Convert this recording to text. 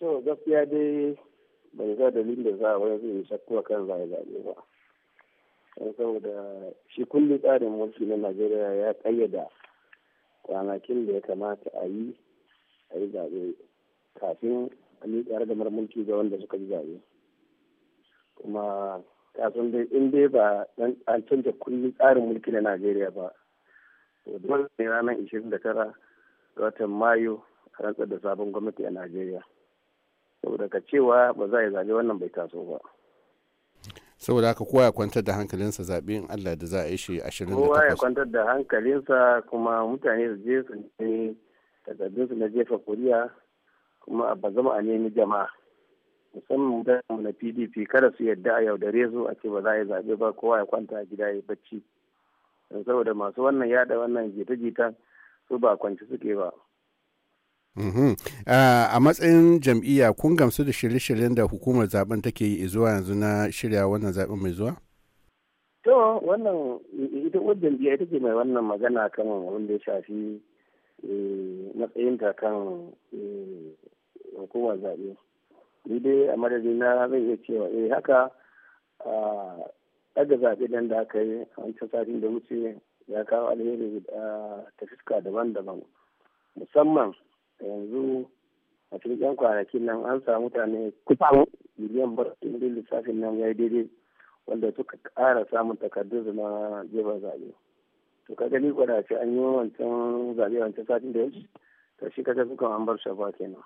To gaskiya dai bai ga dalilin da za a wani zai shakku kan zai zaɓe ba. saboda shi kulli tsarin mulki na Najeriya ya ƙayyada kwanakin da ya kamata a yi a yi zaɓe kafin a miƙa da mulki ga wanda suka yi zaɓe. Kuma kafin dai in dai ba an canza kulli tsarin mulki na Najeriya ba. To dole ne ranar ishirin da tara watan Mayu a rantsar da sabon gwamnati a Najeriya. saboda ka cewa ba za a yi zaɓe wannan bai taso ba saboda haka kowa ya kwantar da hankalinsa zaɓe in Allah da za a yi shi shirin kowa ya kwantar da hankalinsa kuma mutane su je su ne su na jefa kuriya kuma a bazama a nemi jama'a musamman mutane na pdp kada su yadda a yaudare su a ce ba za a yi zaɓe ba kowa ya kwanta a gida ya bacci saboda masu wannan yada wannan jita-jita su ba kwanci suke ba a matsayin jam'iyya kun gamsu da shirye-shiryen da hukumar zaben take yi zuwa yanzu na shirya wannan zaben mai zuwa? To wannan ita wadda jam'iyya ita mai wannan magana kan wanda ya shafi eh, matsayinta kan eh, hukumar zaɓe. Ni dai a madadin na zai iya cewa eh haka daga zaɓe nan da aka yi a wancan satin da wuce ya kawo alheri ta fuska daban-daban musamman yanzu a cikin kwanakin nan an samu mutane kusan miliyan bar din lissafin nan ya daidai wanda suka kara samun takardun zama jefa zaɓe to ka gani kwanaki an yi wancan zaɓe wancan satin da ya ci shi kaga suka an bar shafa kenan